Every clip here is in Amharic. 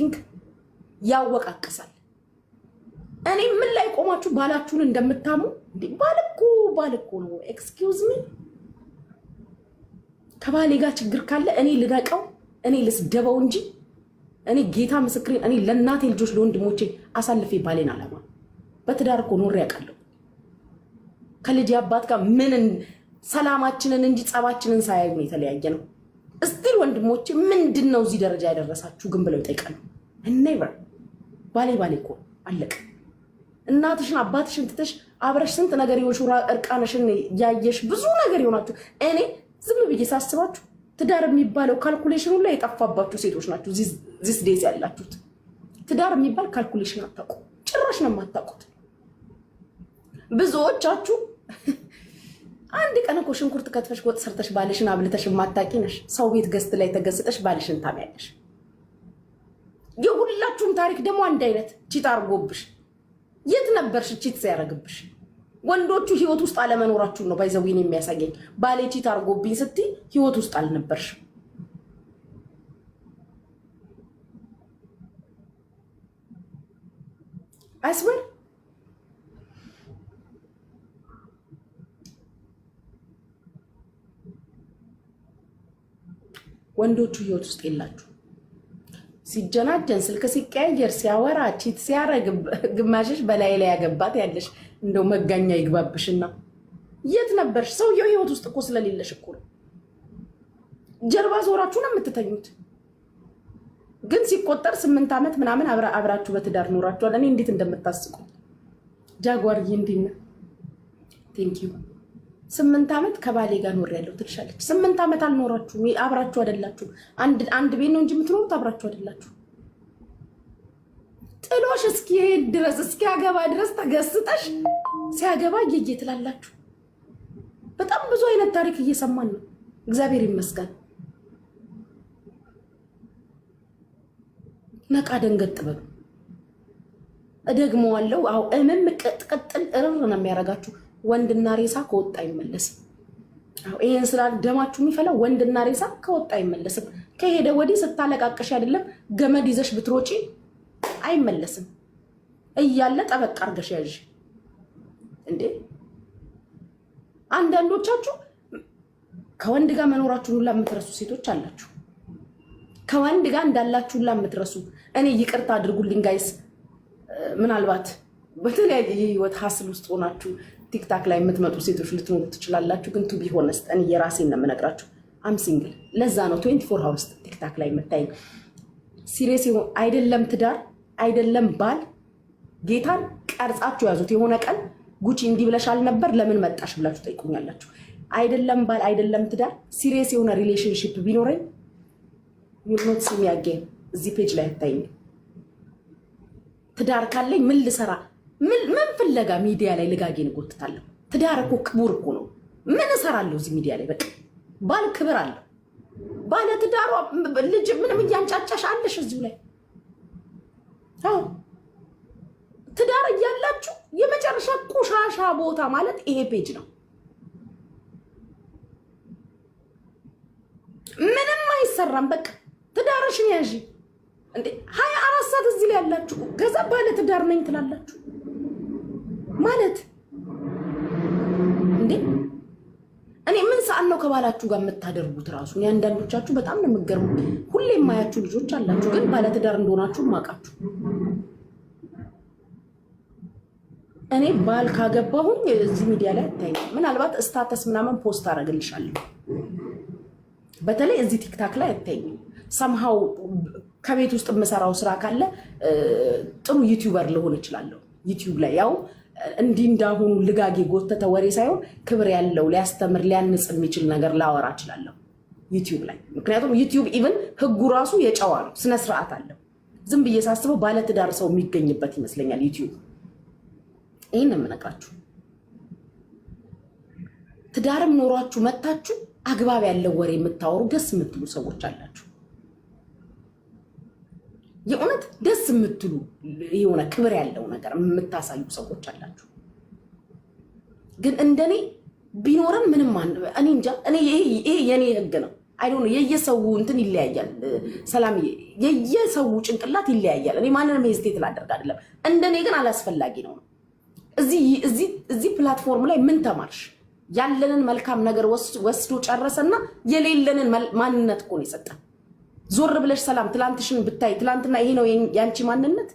ቲንክ ያወቃቅሳል። እኔ ምን ላይ ቆማችሁ ባላችሁን እንደምታሙ ባል እኮ ነው። ኤክስኪውዝ ሚ ከባሌ ጋር ችግር ካለ እኔ ልረቀው፣ እኔ ልስደበው እንጂ እኔ ጌታ ምስክሬን፣ እኔ ለእናቴ ልጆች ለወንድሞቼ አሳልፌ ባሌን አላማ በትዳር እኮ ኖሬ ያውቃለሁ። ከልጅ አባት ጋር ምንን ሰላማችንን እንጂ ጸባችንን ሳያዩን የተለያየ ነው። እስቲል ወንድሞቼ ምንድን ነው እዚህ ደረጃ ያደረሳችሁ ግን ብለው ይጠይቃሉ። ኔቨር ባሌ ባሌ እኮ አለቅ። እናትሽን አባትሽን ትተሽ አብረሽ ስንት ነገር የሆንሽ እርቃነሽን ያየሽ ብዙ ነገር የሆናችሁ እኔ ዝም ብዬ ሳስባችሁ ትዳር የሚባለው ካልኩሌሽን ሁላ የጠፋባችሁ ሴቶች ናችሁ። ዚስ ዴዝ ያላችሁት ትዳር የሚባል ካልኩሌሽን አታውቁ፣ ጭራሽ ነው የማታውቁት። ብዙዎቻችሁ አንድ ቀን እኮ ሽንኩርት ከትፈሽ ወጥ ሰርተሽ ባልሽን አብልተሽ የማታቂ ነሽ። ሰው ቤት ገዝት ላይ ተገዝተሽ ባልሽን ታሚያለሽ። የሁላችሁም ታሪክ ደግሞ አንድ አይነት ቺት አርጎብሽ የት ነበርሽ ቺት ሲያደርግብሽ? ወንዶቹ ህይወት ውስጥ አለመኖራችሁን ነው ባይዘዊን የሚያሳየኝ። ባሌ ቺት አርጎብኝ ስትይ ህይወት ውስጥ አልነበርሽም። አስበር ወንዶቹ ህይወት ውስጥ የላችሁ ሲጀናጀን ስልክ ሲቀያየር ሲያወራ ቺት ሲያረግ ግማሽሽ በላይ ላይ ያገባት ያለሽ እንደው መጋኛ ይግባብሽና የት ነበርሽ? ሰውየው ህይወት ውስጥ እኮ ስለሌለሽ እኮ ነው። ጀርባ ዞራችሁ ነው የምትተኙት። ግን ሲቆጠር ስምንት ዓመት ምናምን አብራችሁ በትዳር ኖራችኋል። እኔ እንዴት እንደምታስቁ ጃጓርዬ፣ እንዴት ነህ? ስምንት ዓመት ከባሌ ጋር ያለው ትልሻለች። ስምንት ዓመት አልኖራችሁም፣ አብራችሁ አይደላችሁ አንድ ቤት ነው እንጂ የምትኖሩት አብራችሁ አይደላችሁ። ጥሎሽ እስኪሄድ ድረስ እስኪያገባ ድረስ ተገስጠሽ ሲያገባ እየየ ትላላችሁ። በጣም ብዙ አይነት ታሪክ እየሰማን ነው። እግዚአብሔር ይመስገን። ነቃ ደንገጥ በሉ። እደግመዋለሁ። አዎ እምም ቅጥቅጥል እርር ነው የሚያደርጋችሁ። ወንድና ሬሳ ከወጣ አይመለስም። ይህን ስራ ደማችሁ የሚፈላው ወንድና ሬሳ ከወጣ አይመለስም። ከሄደ ወዲህ ስታለቃቀሽ አይደለም ገመድ ይዘሽ ብትሮጪ አይመለስም እያለ ጠበቅ አርገሽ ያዥ እንዴ። አንዳንዶቻችሁ ከወንድ ጋር መኖራችሁን ሁላ የምትረሱ ሴቶች አላችሁ። ከወንድ ጋር እንዳላችሁ ሁላ የምትረሱ እኔ ይቅርታ አድርጉልኝ ጋይስ ምናልባት በተለያየ የህይወት ሀስል ውስጥ ሆናችሁ ቲክታክ ላይ የምትመጡ ሴቶች ልትኖሩ ትችላላችሁ። ግን ቱቢ ሆነስት እኔ የራሴን ነው የምነግራችሁ። አም ሲንግል ለዛ ነው ትዌንቲ ፎር ሀውርስ ቲክታክ ላይ የምታይኝ። ሲሪየስ ይሁን አይደለም ትዳር አይደለም ባል ጌታን ቀርጻችሁ ያዙት። የሆነ ቀን ጉቺ እንዲህ ብለሻል ነበር ለምን መጣሽ ብላችሁ ጠይቁኛላችሁ። አይደለም ባል አይደለም ትዳር ሲሪየስ የሆነ ሪሌሽንሽፕ ቢኖረኝ ዩኖት ሲሚያገኝ እዚህ ፔጅ ላይ አታይኝ። ትዳር ካለኝ ምን ልሰራ ምን ፍለጋ ሚዲያ ላይ ልጋጌን እጎትታለሁ? ትዳር እኮ ክቡር እኮ ነው። ምን እሰራለሁ እዚህ ሚዲያ ላይ? በቃ ባል ክብር አለሁ ባለ ትዳሯ ልጅ ምንም እያንጫጫሽ አለሽ እዚሁ ላይ አዎ ትዳር እያላችሁ የመጨረሻ ቆሻሻ ቦታ ማለት ይሄ ፔጅ ነው። ምንም አይሰራም። በቃ ትዳርሽን ያዥ እንዴ! ሀያ አራት ሰዓት እዚህ ላይ ያላችሁ ከዛ ባለ ትዳር ነኝ ትላላችሁ። ማለት እንዴ እኔ ምን ሰዓት ነው ከባላችሁ ጋር የምታደርጉት? ራሱ አንዳንዶቻችሁ በጣም ነው የምገርሙ። ሁሌ የማያችሁ ልጆች አላችሁ፣ ግን ባለትዳር እንደሆናችሁ ማቃችሁ። እኔ ባል ካገባሁኝ እዚህ ሚዲያ ላይ አታይ። ምናልባት ስታተስ ምናምን ፖስት አደርግልሻለሁ። በተለይ እዚህ ቲክታክ ላይ አታይኝም። ሰምሃው ከቤት ውስጥ የምሰራው ስራ ካለ ጥሩ ዩቲዩበር ልሆን እችላለሁ ዩቲዩብ ላይ ያው እንዲህ እንዳሁኑ ልጋጌ ጎተተ ወሬ ሳይሆን ክብር ያለው ሊያስተምር ሊያንጽ የሚችል ነገር ላወራ እችላለሁ ዩቲዩብ ላይ። ምክንያቱም ዩቲዩብ ኢቨን ህጉ ራሱ የጨዋ ነው፣ ስነስርዓት አለው። ዝም ብዬ ሳስበው ባለትዳር ሰው የሚገኝበት ይመስለኛል ዩቲዩብ። ይህን የምነግራችሁ ትዳርም ኖሯችሁ መታችሁ አግባብ ያለው ወሬ የምታወሩ ደስ የምትሉ ሰዎች አላችሁ። የእውነት ደስ የምትሉ የሆነ ክብር ያለው ነገር የምታሳዩ ሰዎች አላችሁ። ግን እንደኔ ቢኖረን ምንም እኔ እንጃ። እኔ ይሄ የኔ ህግ ነው። አይ የየሰው እንትን ይለያያል። ሰላም የየሰው ጭንቅላት ይለያያል። እኔ ማንንም ሄዝቴት ላደርግ አይደለም። እንደኔ ግን አላስፈላጊ ነው። እዚህ ፕላትፎርም ላይ ምን ተማርሽ? ያለንን መልካም ነገር ወስዶ ጨረሰና የሌለንን ማንነት እኮ ነው የሰጠን። ዞር ብለሽ ሰላም ትላንትሽን ብታይ ትላንትና ይሄ ነው ያንቺ ማንነት።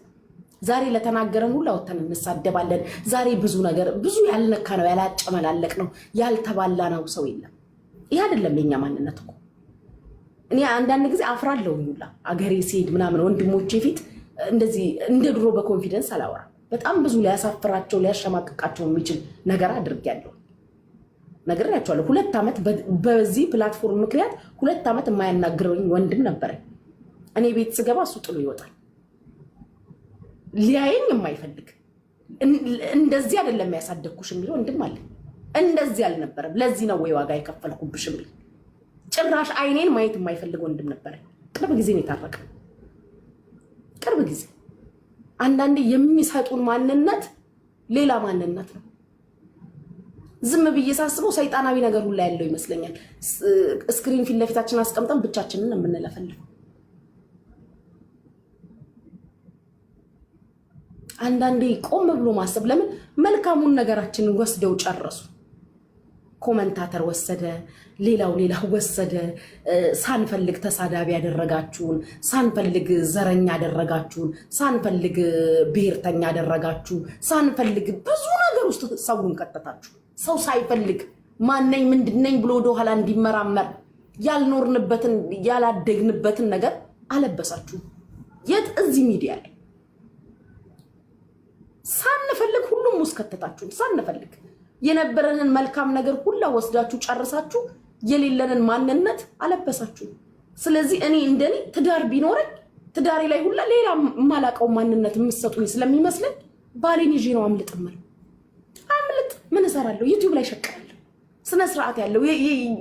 ዛሬ ለተናገረን ሁላ ወተን እንሳደባለን። ዛሬ ብዙ ነገር ብዙ ያልነካ ነው ያላጨመላለቅ ነው ያልተባላ ነው ሰው የለም። ይህ አይደለም የኛ ማንነት እኮ። እኔ አንዳንድ ጊዜ አፍራለሁ ሁላ አገሬ ሲሄድ ምናምን ወንድሞቼ ፊት እንደዚህ እንደ ድሮ በኮንፊደንስ አላወራም። በጣም ብዙ ሊያሳፍራቸው ሊያሸማቅቃቸው የሚችል ነገር አድርጌያለሁ። ነግሬያቸዋለሁ። ሁለት ዓመት በዚህ ፕላትፎርም ምክንያት ሁለት ዓመት የማያናግረኝ ወንድም ነበረ። እኔ ቤት ስገባ እሱ ጥሎ ይወጣል። ሊያየኝ የማይፈልግ እንደዚህ አይደለም ያሳደግኩሽ የሚል ወንድም አለ። እንደዚህ አልነበረም፣ ለዚህ ነው ወይ ዋጋ የከፈልኩብሽ የሚል ጭራሽ አይኔን ማየት የማይፈልግ ወንድም ነበረ። ቅርብ ጊዜ ነው የታረቀ። ቅርብ ጊዜ አንዳንዴ የሚሰጡን ማንነት ሌላ ማንነት ነው። ዝም ብዬ ሳስበው ሰይጣናዊ ነገር ሁላ ያለው ይመስለኛል። ስክሪን ፊት ለፊታችን አስቀምጠን ብቻችንን የምንለፈልፈው አንዳንዴ ቆም ብሎ ማሰብ። ለምን መልካሙን ነገራችንን ወስደው ጨረሱ። ኮመንታተር ወሰደ፣ ሌላው ሌላው ወሰደ። ሳንፈልግ ተሳዳቢ ያደረጋችሁን፣ ሳንፈልግ ዘረኛ ያደረጋችሁን፣ ሳንፈልግ ብሔርተኛ ያደረጋችሁ፣ ሳንፈልግ ብዙ ነገር ውስጥ ሰውን ከተታችሁ። ሰው ሳይፈልግ ማነኝ ምንድነኝ ብሎ ወደኋላ እንዲመራመር ያልኖርንበትን ያላደግንበትን ነገር አለበሳችሁ። የት እዚህ ሚዲያ ላይ ሳንፈልግ ሁሉም ውስጥ ከተታችሁ ሳንፈልግ የነበረንን መልካም ነገር ሁላ ወስዳችሁ ጨርሳችሁ የሌለንን ማንነት አለበሳችሁ። ስለዚህ እኔ እንደኔ ትዳር ቢኖረኝ ትዳሬ ላይ ሁላ ሌላ የማላውቀው ማንነት የምትሰጡኝ ስለሚመስለን ባሌን ይዤ ነው አምልጥምር ምን እሰራለሁ? ዩቲዩብ ላይ ሸቅራለሁ። ስነ ስርዓት ያለው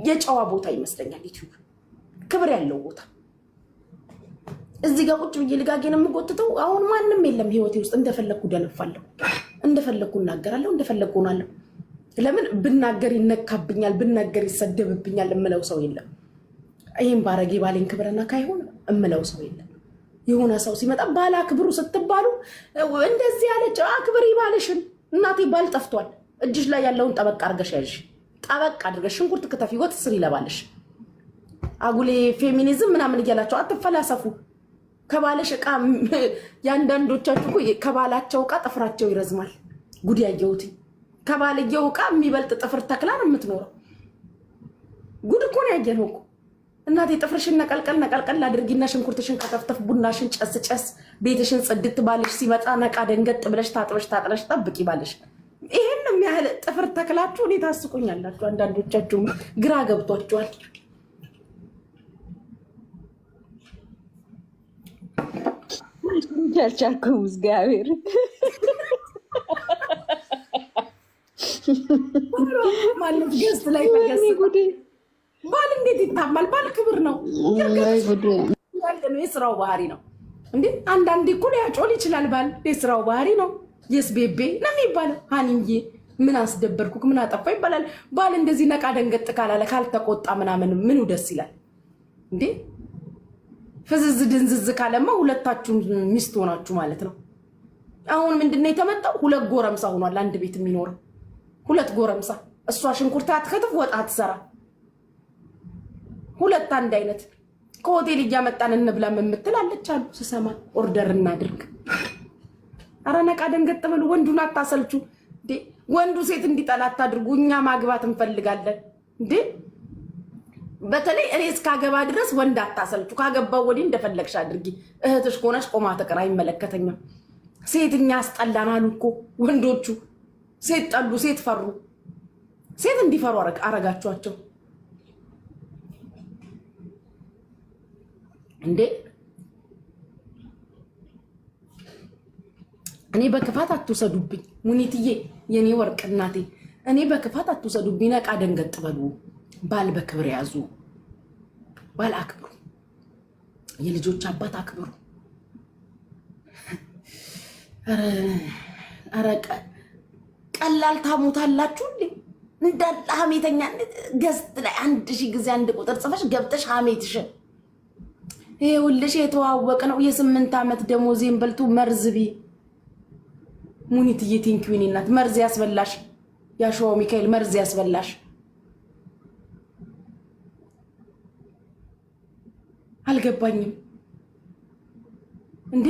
የጨዋ ቦታ ይመስለኛል ዩቲዩብ፣ ክብር ያለው ቦታ። እዚህ ጋር ቁጭ ብዬ ልጋጌን የምጎትተው አሁን ማንም የለም ህይወቴ ውስጥ። እንደፈለግኩ ደነፋለሁ፣ እንደፈለግኩ እናገራለሁ፣ እንደፈለግኩ ሆናለሁ። ለምን ብናገር ይነካብኛል፣ ብናገር ይሰደብብኛል እምለው ሰው የለም። ይህም ባረጌ ባሌን ክብርና ካይሆን እምለው ሰው የለም። የሆነ ሰው ሲመጣ ባለ አክብሩ ስትባሉ እንደዚህ ያለች አክብሪ ባልሽን። እናቴ ባል ጠፍቷል እጅሽ ላይ ያለውን ጠበቅ አድርገሽ ያዥ። ጠበቅ አድርገሽ ሽንኩርት ክተፊ፣ ወጥ ስር ይለባለሽ። አጉሌ ፌሚኒዝም ምናምን እያላቸው አትፈላሰፉ። ከባለሽ እቃ የአንዳንዶቻችሁ እኮ ከባላቸው እቃ ጥፍራቸው ይረዝማል። ጉድ ያየሁት ከባልየው እቃ የሚበልጥ ጥፍር ተክላን የምትኖረው ጉድ እኮ ነው ያየነው እኮ። እናቴ ጥፍርሽን ነቀልቀል ነቀልቀል አድርጊና ሽንኩርትሽን ከተፍተፍ፣ ቡናሽን ጨስ ጨስ፣ ቤትሽን ጽድት፣ ባልሽ ሲመጣ ነቃ ደንገጥ ብለሽ ታጥበሽ ታጥለሽ ጠብቂ ባልሽ ይሄንም ያህል ጥፍር ተክላችሁ እኔ ታስቁኛላችሁ። አንዳንዶቻችሁም ግራ ገብቷችኋል። አልቻልኩም። እግዚአብሔር ማለት ገዝት ላይ ባል እንዴት ይታማል? ባል ክብር ነው፣ የስራው ባህሪ ነው። እንዴ አንዳንዴ እኮ ሊያጮል ይችላል። ባል የስራው ባህሪ ነው። የስ ቤቤ ነው የሚባለው። ሀኒዬ ምን አስደበርኩክ ምን አጠፋ ይባላል። ባል እንደዚህ ነቃ ደንገጥ ካላለ ካልተቆጣ ምናምን ምኑ ደስ ይላል እንዴ? ፍዝዝ ድንዝዝ ካለማ ሁለታችሁም ሚስት ሆናችሁ ማለት ነው። አሁን ምንድነው የተመጣው? ሁለት ጎረምሳ ሆኗል። አንድ ቤት የሚኖረው ሁለት ጎረምሳ። እሷ ሽንኩርት አትከትፍ፣ ወጥ አትሰራ። ሁለት አንድ አይነት ከሆቴል እያመጣን እንብላም የምትል አለች አሉ ስሰማ። ኦርደር እናድርግ አረ ነቃ ደንገጥ በሉ። ወንዱን አታሰልቹ እንዴ! ወንዱ ሴት እንዲጠላ አታድርጉ። እኛ ማግባት እንፈልጋለን እንዴ! በተለይ እኔ እስካገባ ድረስ ወንድ አታሰልቹ። ካገባው ወዲህ እንደፈለግሽ አድርጊ። እህትሽ ከሆነች ቆማ ተቀራ አይመለከተኛም። ሴትኛ አስጠላን አሉ እኮ ወንዶቹ። ሴት ጠሉ፣ ሴት ፈሩ፣ ሴት እንዲፈሩ አረጋችኋቸው እንዴ! እኔ በክፋት አትውሰዱብኝ። ሙኒትዬ የኔ ወርቅ እናቴ እኔ በክፋት አትውሰዱብኝ። ነቃ ደንገጥ በሉ። ባል በክብር ያዙ። ባል አክብሩ። የልጆች አባት አክብሩ። ኧረ ቀላል ታሞታላችሁ እንዴ! እንዳለ ሀሜተኛ ገዝት ላይ አንድ ሺህ ጊዜ አንድ ቁጥር ጽፈሽ ገብተሽ ሀሜትሽን ይሄ ሁልሽ የተዋወቅ ነው። የስምንት ዓመት ደሞዜን በልቱ መርዝቢ ሙኒትዬ ቴንኪው ናት እናት መርዝ ያስበላሽ ያሸዋ ሚካኤል መርዝ ያስበላሽ። አልገባኝም እንዴ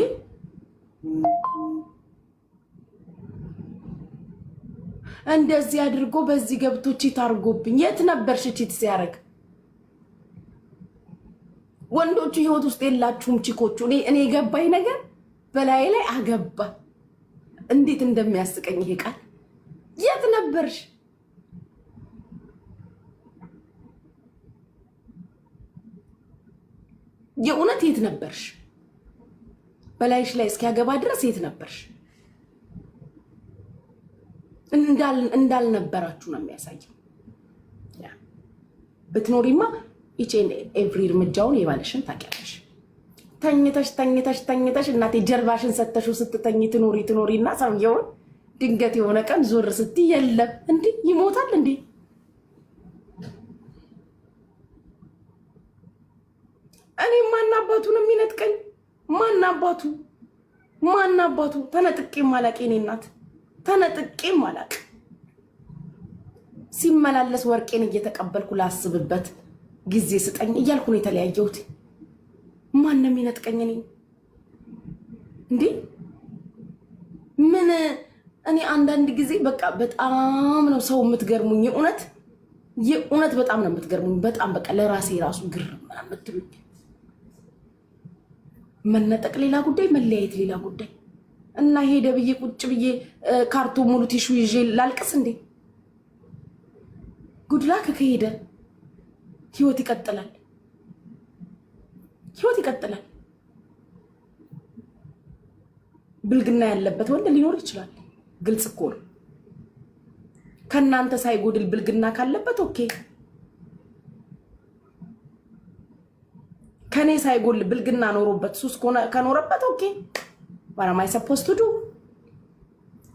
እንደዚህ አድርጎ በዚህ ገብቶ ቺት አድርጎብኝ። የት ነበርሽ ቺት ሲያደርግ? ወንዶቹ ህይወት ውስጥ የላችሁም ቺኮቹ። እኔ የገባኝ ነገር በላይ ላይ አገባ እንዴት እንደሚያስቀኝ ይሄ ቃል። የት ነበርሽ? የእውነት የት ነበርሽ? በላይሽ ላይ እስኪያገባ ድረስ የት ነበርሽ? እንዳልነበራችሁ ነው የሚያሳየው። ብትኖሪማ ኢቼን ኤቭሪ እርምጃውን የባለሽን ታውቂያለሽ። ተኝተሽ ተኝተሽ ተኝተሽ እናቴ ጀርባሽን ሰተሹ ስትተኝ ትኖሪ ትኖሪ እና ሰውየውን ድንገት የሆነ ቀን ዞር ስትይ የለም እንዲ ይሞታል እንዲ እኔ ማናባቱ ነው የሚነጥቀኝ? ማናባቱ ማናባቱ ተነጥቄም ማላቅ የኔ እናት ተነጥቄም ማላቅ ሲመላለስ ወርቄን እየተቀበልኩ ላስብበት ጊዜ ስጠኝ እያልኩ ነው የተለያየሁት። ነው ይነጥቀኝ እኔ እንዴ ምን እኔ አንዳንድ ጊዜ በቃ በጣም ነው ሰው የምትገርሙኝ። የእውነት የእውነት በጣም ነው የምትገርሙኝ። በጣም በቃ ለራሴ ራሱ ግር የምትሉኝ። መነጠቅ ሌላ ጉዳይ፣ መለያየት ሌላ ጉዳይ እና ሄደ ብዬ ቁጭ ብዬ ካርቶ ሙሉ ቲሹ ይዤ ላልቅስ እንዴ? ጉድላክ ከሄደ ህይወት ይቀጥላል። ህይወት ይቀጥላል። ብልግና ያለበት ወንድ ሊኖር ይችላል። ግልጽ እኮ ነው። ከእናንተ ሳይጎድል ብልግና ካለበት ኦኬ። ከኔ ሳይጎል ብልግና ኖሮበት ሱስ ከኖረበት ኦኬ። ባራማይ ሰፖስት ዱ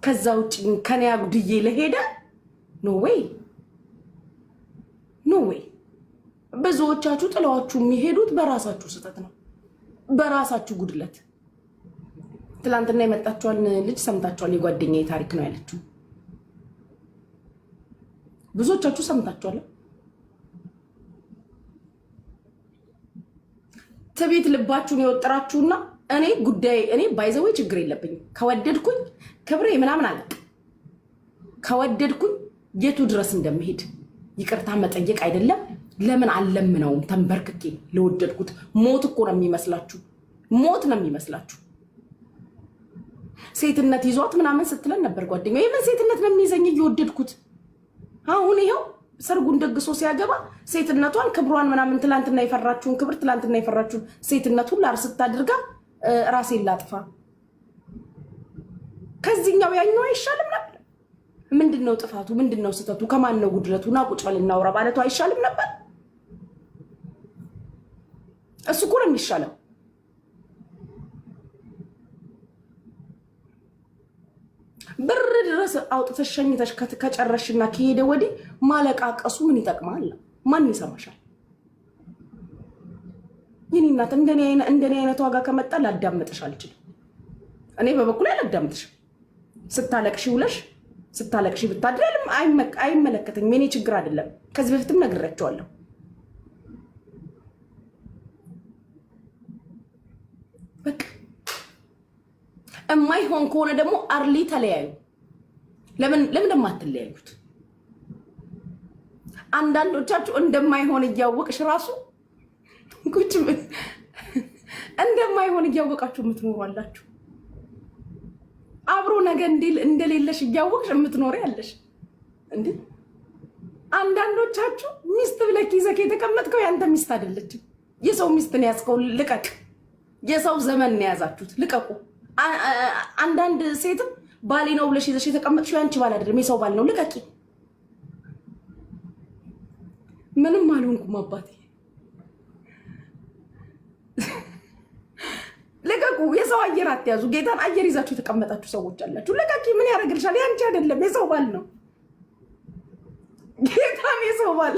ከዛ ውጭ ከኔ አጉድዬ ለሄደ ኖ ዌይ ኖ ዌይ ብዙዎቻችሁ ጥለዋችሁ የሚሄዱት በራሳችሁ ስህተት ነው፣ በራሳችሁ ጉድለት። ትላንትና የመጣችኋን ልጅ ሰምታችኋል። የጓደኛ ታሪክ ነው ያለችው። ብዙዎቻችሁ ሰምታችኋል። ትቤት ልባችሁን የወጠራችሁና እኔ ጉዳይ እኔ ባይዘወይ ችግር የለብኝም ከወደድኩኝ ክብሬ ምናምን አለቅ ከወደድኩኝ የቱ ድረስ እንደምሄድ ይቅርታ መጠየቅ አይደለም ለምን አልለምነውም? ተንበርክኬ ለወደድኩት ሞት እኮ ነው የሚመስላችሁ፣ ሞት ነው የሚመስላችሁ። ሴትነት ይዟት ምናምን ስትለን ነበር ጓደኛ። ይህምን ሴትነት ነው የሚይዘኝ እየወደድኩት። አሁን ይኸው ሰርጉን ደግሶ ሲያገባ ሴትነቷን ክብሯን ምናምን ትላንትና የፈራችሁን ክብር ትላንትና የፈራችሁን ሴትነት ሁላ ስታድርጋ አድርጋ ራሴን ላጥፋ። ከዚህኛው ያኛው አይሻልም ነበር? ምንድን ነው ጥፋቱ? ምንድን ነው ስህተቱ? ከማን ነው ጉድለቱ? ና ቁጭ በል እናውራ ማለቱ አይሻልም ነበር? እሱ እኮ ነው የሚሻለው። ብር ድረስ አውጥተሽ ሸኝተሽ ከጨረሽና ከሄደ ወዲህ ማለቃቀሱ ምን ይጠቅማል? ማን ይሰማሻል? ይህን እናት እንደኔ አይነት ዋጋ ከመጣ ላዳምጥሽ አልችልም። እኔ በበኩል አላዳምጥሽም። ስታለቅሽ ውለሽ ስታለቅሽ ብታድሪ አይመለከተኝም። የኔ ችግር አይደለም። ከዚህ በፊትም ነግሬያቸዋለሁ። እማይሆን ከሆነ ደግሞ አርሊ ተለያዩ። ለምን ለምን የማትለያዩት? አንዳንዶቻችሁ እንደማይሆን እያወቅሽ ራሱ ቁጭ እንደማይሆን እያወቃችሁ የምትኖሩ አላችሁ። አብሮ ነገ እንደሌለሽ እያወቅሽ የምትኖሪ አለሽ። እንደ አንዳንዶቻችሁ ሚስት ብለክ ይዘህ የተቀመጥከው ያንተ ሚስት አይደለችም። የሰው ሚስትን ያዝከው ልቀቅ። የሰው ዘመን ነው የያዛችሁት፣ ልቀቁ። አንዳንድ ሴትም ባሌ ነው ብለሽ ይዘሽ የተቀመጥሽው ያንቺ ባል አይደለም፣ የሰው ባል ነው። ልቀቂ። ምንም አልሆንኩም አባቴ፣ ልቀቁ። የሰው አየር አትያዙ። ጌታን አየር ይዛችሁ የተቀመጣችሁ ሰዎች አላችሁ። ልቀቂ። ምን ያደርግልሻል? ያንቺ አይደለም፣ የሰው ባል ነው። ጌታን የሰው ባል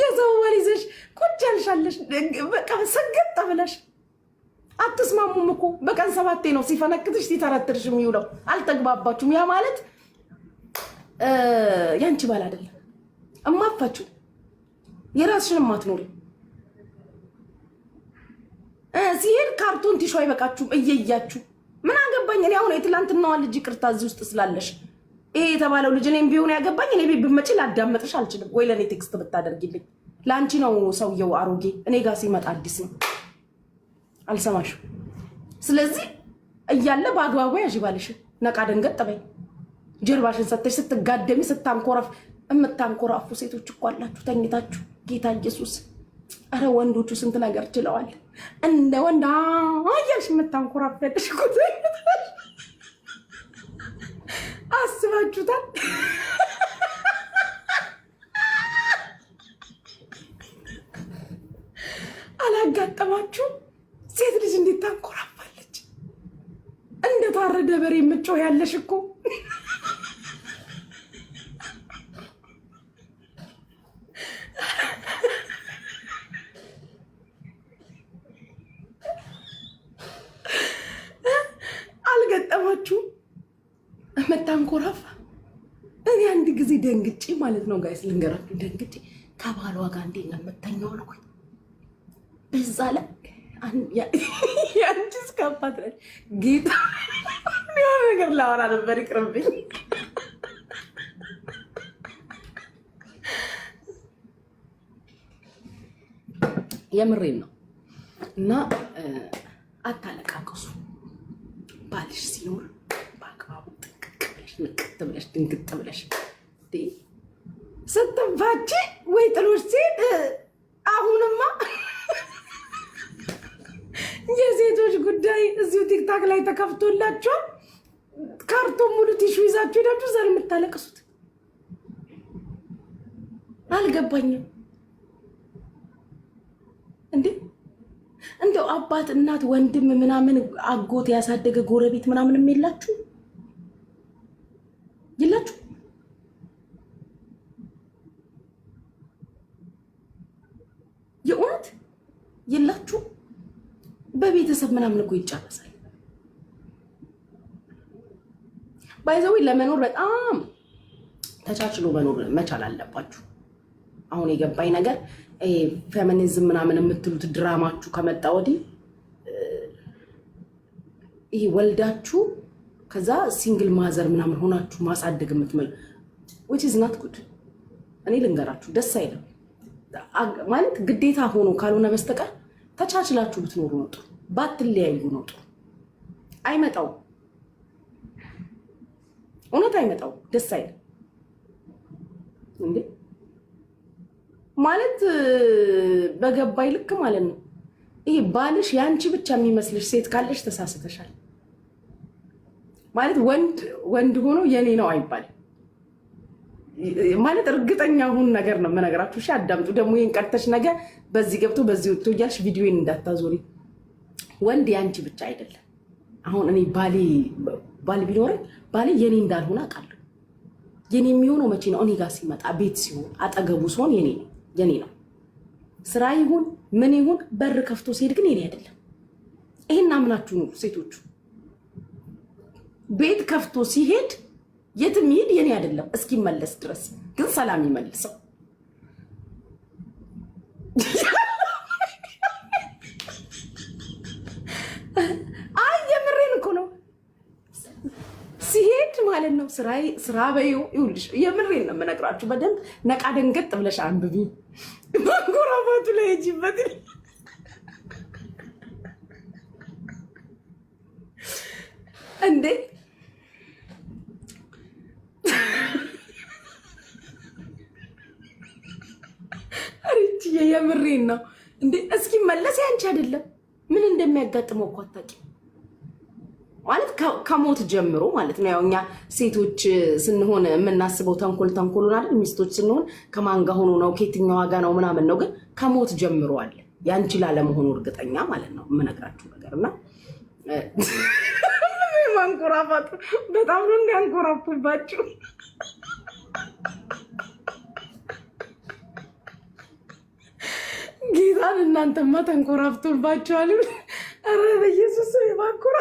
የሰው ባል ይዘሽ ቁጭ ያልሻለሽ በቃ ቅጥ ብለሽ አትስማሙም እኮ በቀን ሰባቴ ነው ሲፈነክትሽ ሲተረትርሽ የሚውለው አልተግባባችሁም። ያ ማለት ያንቺ ባል አይደለም እማፋችሁ የራስሽን እማትኖሪ ሲሄድ ካርቶን ቲሾ አይበቃችሁም እየያችሁ ምን አገባኝ እኔ አሁን የትላንትናዋ ልጅ ይቅርታ እዚህ ውስጥ ስላለሽ ይሄ የተባለው ልጅ እኔም ቢሆን ያገባኝ እኔ ቤት ብመጪ ላዳመጥሽ አልችልም ወይ ለእኔ ቴክስት ብታደርጊልኝ ለአንቺ ነው ሰውየው አሮጌ እኔ ጋር ሲመጣ አዲስ ነው አልሰማሽ። ስለዚህ እያለ በአግባቡ ያዥባልሽ። ነቃ ደንገጥ በይ። ጀርባሽን ሰተሽ ስትጋደሚ ስታንኮራፍ የምታንኮራፉ ሴቶች እኮ አላችሁ ተኝታችሁ። ጌታ ኢየሱስ እረ ወንዶቹ ስንት ነገር ችለዋል። እንደ ወንድ አያሽ የምታንኮራፍ ያለሽ አስባችሁታል። አላጋጠማችሁም? ሴት ልጅ እንዴት ታንኮራፋለች? እንደታረደ በሬ የምጮህ ያለሽ እኮ አልገጠማችሁም? መታንኮራፋ እኔ አንድ ጊዜ ደንግጬ ማለት ነው ጋይስ ልንገራችሁ፣ ደንግጬ ከባሏ ጋር እንዴት ነው የምተኛው አልኩኝ። በዛ ላይ የአንቺ እስካባት ላይ ጌታ የሆነ ነገር ላወራ ነበር፣ ይቅርብኝ። የምሬን ነው እና አታለቃቅሱ። ባልሽ ሲኖር በአግባቡ ጥንቅቅ ብለሽ ንቅት ብለሽ ድንግጥ ብለሽ ስትባቺ ወይ ጥሎች ሲሄድ አሁንማ የሴቶች ጉዳይ እዚሁ ቲክታክ ላይ ተከፍቶላቸዋል። ካርቶን ሙሉ ቲሹ ይዛችሁ ሄዳችሁ ዘር የምታለቅሱት አልገባኝም። እንዴ እንደው አባት፣ እናት፣ ወንድም ምናምን አጎት ያሳደገ ጎረቤት ምናምን የላችሁ ምናምን እኮ ይጨረሳል። ባይዘዊ ለመኖር በጣም ተቻችሎ መኖር መቻል አለባችሁ። አሁን የገባኝ ነገር ፌሚኒዝም ምናምን የምትሉት ድራማችሁ ከመጣ ወዲህ ይህ ወልዳችሁ ከዛ ሲንግል ማዘር ምናምን ሆናችሁ ማሳደግ የምትመ ዊች ኢዝ ናት ጉድ። እኔ ልንገራችሁ ደስ አይልም ማለት ግዴታ ሆኖ ካልሆነ በስተቀር ተቻችላችሁ ብትኖሩ ነው ጥሩ። ባትለያዩ ነው ጥሩ። አይመጣው እውነት አይመጣው። ደስ አይል እንዴ ማለት በገባይ ልክ ማለት ነው። ይሄ ባልሽ የአንቺ ብቻ የሚመስልሽ ሴት ካለሽ ተሳስተሻል ማለት ወንድ ወንድ ሆኖ የኔ ነው አይባልም። ማለት እርግጠኛ ሁን ነገር ነው የምነግራችሁ። እሺ አዳምጡ። ደግሞ ይህን ቀርተሽ ነገ በዚህ ገብቶ በዚህ ወጥቶ እያልሽ ቪዲዮን እንዳታዞሪ። ወንድ ያንቺ ብቻ አይደለም። አሁን እኔ ባሌ ባል ቢኖረኝ ባሌ የኔ እንዳልሆነ አውቃለሁ። የኔ የሚሆነው መቼ ነው? እኔ ጋር ሲመጣ፣ ቤት ሲሆን፣ አጠገቡ ሲሆን የኔ ነው የኔ ነው። ስራ ይሁን ምን ይሁን በር ከፍቶ ሲሄድ ግን የኔ አይደለም። ይሄን አምናችሁ ነው ሴቶቹ ቤት ከፍቶ ሲሄድ የትም ይሄድ የኔ አይደለም እስኪመለስ ድረስ ግን ሰላም ይመልሰው። አይ የምሬን እኮ ነው። ሲሄድ ማለት ነው ስራ በዩ ይውልሽ። የምሬን ነው የምነግራችሁ። በደንብ ነቃ ደንገጥ ብለሽ አንብቢ። ማንጎራባቱ ላይ ሄጂበት እንዴ ሩትዬ የምሬን ነው እንዴ እስኪመለስ ያንቺ አይደለም ምን እንደሚያጋጥመው እኮ አታውቂም ማለት ከሞት ጀምሮ ማለት ነው። ያው እኛ ሴቶች ስንሆን የምናስበው ተንኮል ተንኮሉን አይደል? ሚስቶች ስንሆን ከማን ጋር ሆኖ ነው ከየትኛው ዋጋ ነው ምናምን ነው። ግን ከሞት ጀምሮ አለ ያንቺ ላለመሆኑ እርግጠኛ ማለት ነው የምነግራችሁ ነገር እና ማንኮራፋት በጣም ነው እንዲያንኮራፉባችሁ ጌታን እናንተማ ተንኮራፍቶባቸዋል። ኧረ በኢየሱስ የማኩራ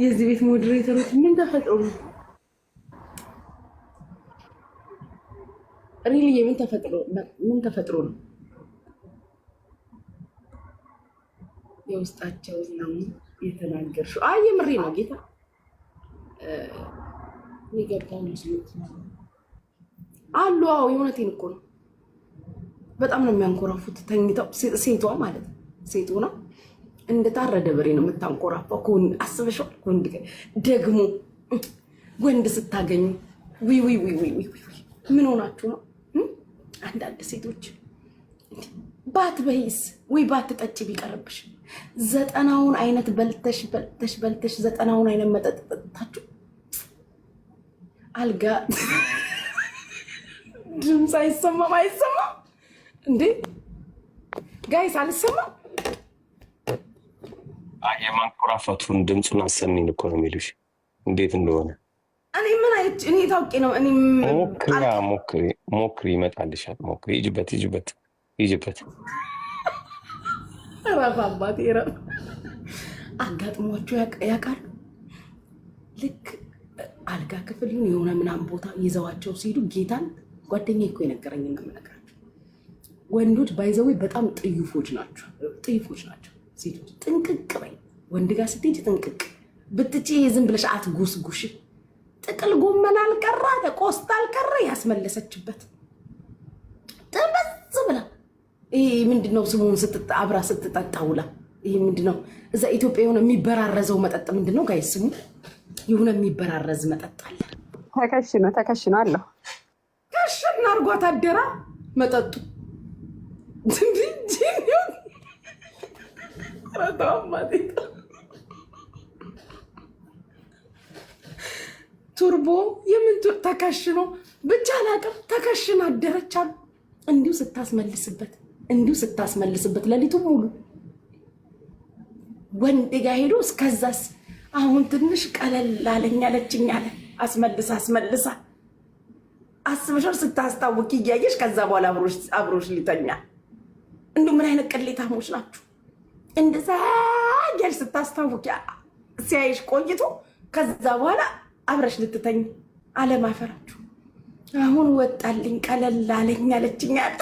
የዚህ ቤት ሞዴሬተሮች ምን ተፈጥሮ ነው? ተፈጥሮ ምን ተፈጥሮ ነው? የውስጣቸው ነው የተናገርሽው? አይ የምሬ ነው ጌታ የገባው መስሎት አሉ። አዎ የእውነቴን እኮ ነው። በጣም ነው የሚያንኮራፉት ተኝተው። ሴቷ ማለት ነው ሴቱ ነው እንደታረደ በሬ ነው የምታንኮራፋው። አስበሽዋል? ወንድ ደግሞ ወንድ ስታገኙ ምን ሆናችሁ ነው? አንዳንድ ሴቶች ባት በይስ ወይ ባት ጠጭ ቢቀረብሽ ዘጠናውን አይነት በልተሽ በልተሽ በልተሽ ዘጠናውን አይነት መጠጥ ጠጥታችሁ አልጋ ድምፅ አይሰማም አይሰማም እንዴ ጋይስ አልሰማም የማንኮራፈቱን ድምፁን አሰሚን እኮ ነው የሚሉሽ እንዴት እንደሆነ እኔ ምን አይች እኔ ታውቂ ነው እኔ ሞክሪ ሞክሪ ሞክሪ ይመጣልሻል ሞክሪ ይጅበት ይጅበት ይጅበት እረፍ አባቴ እረፍ። አጋጥሟቸው ያውቃል። ልክ አልጋ ክፍል የሆነ ምናምን ቦታ ይዘዋቸው ሲሄዱ ጌታን ጓደኛ እኮ የነገረኝ ነው የምነግራቸው። ወንዶች ባይዘዌ በጣም ጥይፎች ናቸው፣ ጥይፎች ናቸው ሴቶች። ጥንቅቅ በይ ወንድ ጋር ስትሄጂ ጥንቅቅ ብትቼ ዝም ብለሽ አትጉስጉሽ። ጥቅል ጎመን አልቀራ ቆስታ አልቀራ ያስመለሰችበት ጥብዝ ብላ ይሄ ምንድነው ስሙን አብራ ስትጠጣ ውላ ይሄ ምንድነው እዛ ኢትዮጵያ የሆነ የሚበራረዘው መጠጥ ምንድነው? ጋይ ስሙ የሆነ የሚበራረዝ መጠጥ አለ። ተከሽኖ ተከሽኖ አለሁ ከሽን አርጓት አደራ መጠጡ ቱርቦ የምን ተከሽኖ ብቻ አላቅም። ተከሽን አደረቻል እንዲሁ ስታስመልስበት እንዲሁ ስታስመልስበት ለሊቱ ሙሉ ወንድ ጋ ሄዶ እስከዛስ አሁን ትንሽ ቀለል አለኝ አለችኝ አለ። አስመልሳ አስመልሳ አስበሻል ስታስታውቂ እያየሽ ከዛ በኋላ አብሮሽ ሊተኛ እንዲሁ ምን አይነት ቅሌታሞች ናችሁ? እንደዛ እያልሽ ስታስታውቂ ሲያይሽ ቆይቶ ከዛ በኋላ አብረሽ ልትተኝ አለማፈራችሁ። አሁን ወጣልኝ ቀለል አለኝ አለችኝ አለ።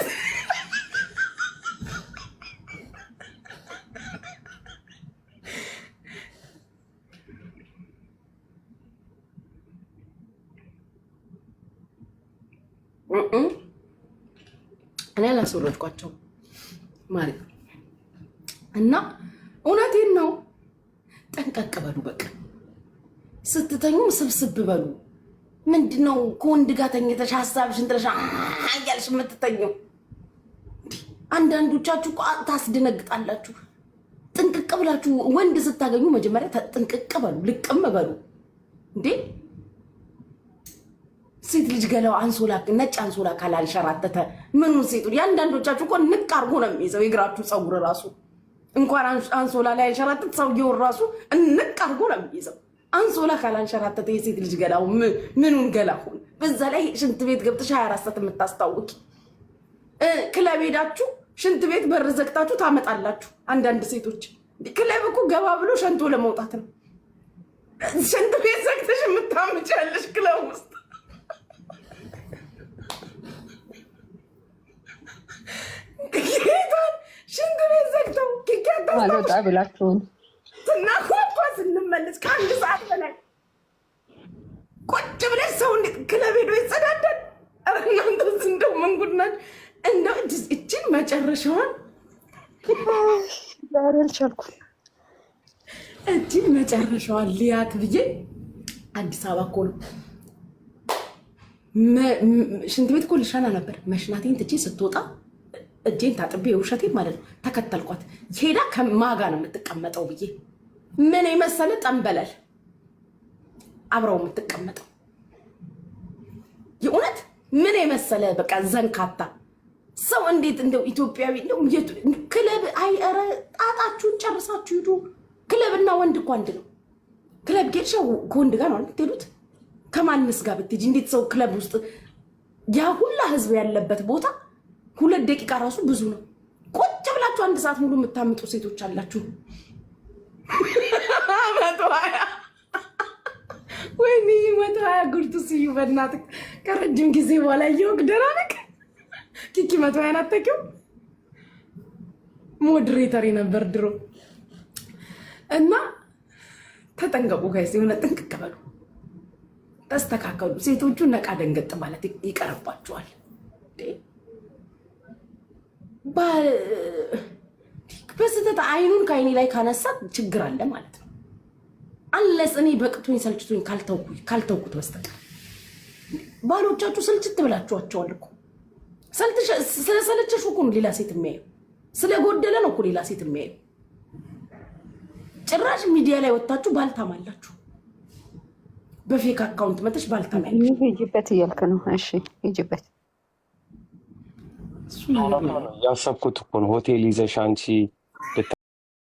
እኔ አላስወረድኳቸውም ማሪ እና እውነቴን ነው። ጠንቀቅ በሉ በቃ ስትተኙ ስብስብ በሉ። ምንድነው ከወንድ ጋር ተኝተሽ ሀሳብሽን ጥለሽ እያልሽ የምትተኘው? አንዳንዶቻችሁ ታስደነግጣላችሁ። ጥንቅቅ ብላችሁ ወንድ ስታገኙ መጀመሪያ ጥንቅቅ በሉ፣ ልቅም በሉ እንዴ ሴት ልጅ ገላው አንሶላ ነጭ አንሶላ ካላንሸራተተ ምኑን ሴቱ የአንዳንዶቻችሁ እኮ ንቅ አርጎ ነው የሚይዘው። የእግራችሁ ፀጉር ራሱ እንኳን አንሶላ ላይ አንሸራተት ሰውየውን ራሱ ንቅ አርጎ ነው የሚይዘው። አንሶላ ካላንሸራተተ የሴት ልጅ ገላው ምኑን ገላ ሆነ? በዛ ላይ ሽንት ቤት ገብተሽ ሀያ አራት ሰዓት የምታስታውቂ ክለብ ሄዳችሁ ሽንት ቤት በር ዘግታችሁ ታመጣላችሁ። አንዳንድ ሴቶች ክለብ እኮ ገባ ብሎ ሸንቶ ለመውጣት ነው። ሽንት ቤት ዘግተሽ የምታምጪያለሽ ክለብ ውስጥ ጌታን ሽንት ቤት ዘግተው ኪኪያጣጣ ብላችሁን ስናኳኳ ስንመለስ ከአንድ ሰዓት በላይ ቁጭ ብለሽ ሰው ክለብ ሄዶ ይጸዳዳል። እናንተስ እንደው ምን ጉድ እንደው እችን መጨረሻዋን ዛሬ አልቻልኩም። እችን መጨረሻዋን ሊያት ብዬ አዲስ አበባ እኮ ነው ሽንት ቤት እኮ ልሻና ነበር። መሽናቴን ትቼ ስትወጣ እጄን ታጥቤ ውሸቴ ማለት ነው ተከተልኳት። ሄዳ ከማጋ ነው የምትቀመጠው ብዬ ምን የመሰለ ጠንበለል አብረው የምትቀመጠው የእውነት ምን የመሰለ በቃ ዘንካታ ሰው እንዴት እንደው ኢትዮጵያዊ እንደው ክለብ አይረ ጣጣችሁን ጨርሳችሁ ሂዱ። ክለብና ወንድ እኮ አንድ ነው። ክለብ ጌድሻ ከወንድ ጋር ነው ትሄዱት። ከማንስ ጋር ብትሄጂ እንዴት ሰው ክለብ ውስጥ ያ ሁላ ህዝብ ያለበት ቦታ ሁለት ደቂቃ ራሱ ብዙ ነው። ቁጭ ብላችሁ አንድ ሰዓት ሙሉ የምታምጡ ሴቶች አላችሁ። መቶ ሀያ ወይኔ መቶ ሀያ ጉርቱ ስዩ በእናት ከረጅም ጊዜ በኋላ እየወቅ ደራነቅ ኪኪ መቶ ሀያ ናተኪው ሞድሬተር ነበር ድሮ እና ተጠንቀቁ ጋይስ፣ የሆነ ጥንቅቅ በሉ፣ ተስተካከሉ። ሴቶቹ ነቃ ደንገጥ ማለት ይቀርባችኋል። በስህተት አይኑን ከአይኔ ላይ ካነሳ ችግር አለ ማለት ነው። አለስ እኔ በቅቶኝ ሰልችቶኝ ካልተውኩት በስተቀር ባሎቻችሁ ስልችት ብላችኋቸዋል እኮ። ስለሰለቸሽ እኮ ሌላ ሴት የሚያየው፣ ስለጎደለ ነው እኮ ሌላ ሴት የሚያየው። ጭራሽ ሚዲያ ላይ ወጥታችሁ ባልታማላችሁ፣ በፌክ አካውንት መተሽ ባልታማያለሽ። ይሄ ሂጂበት እያልክ ነው። እሺ ሂጂበት Ja w szoku, to on hotel i zaśanci,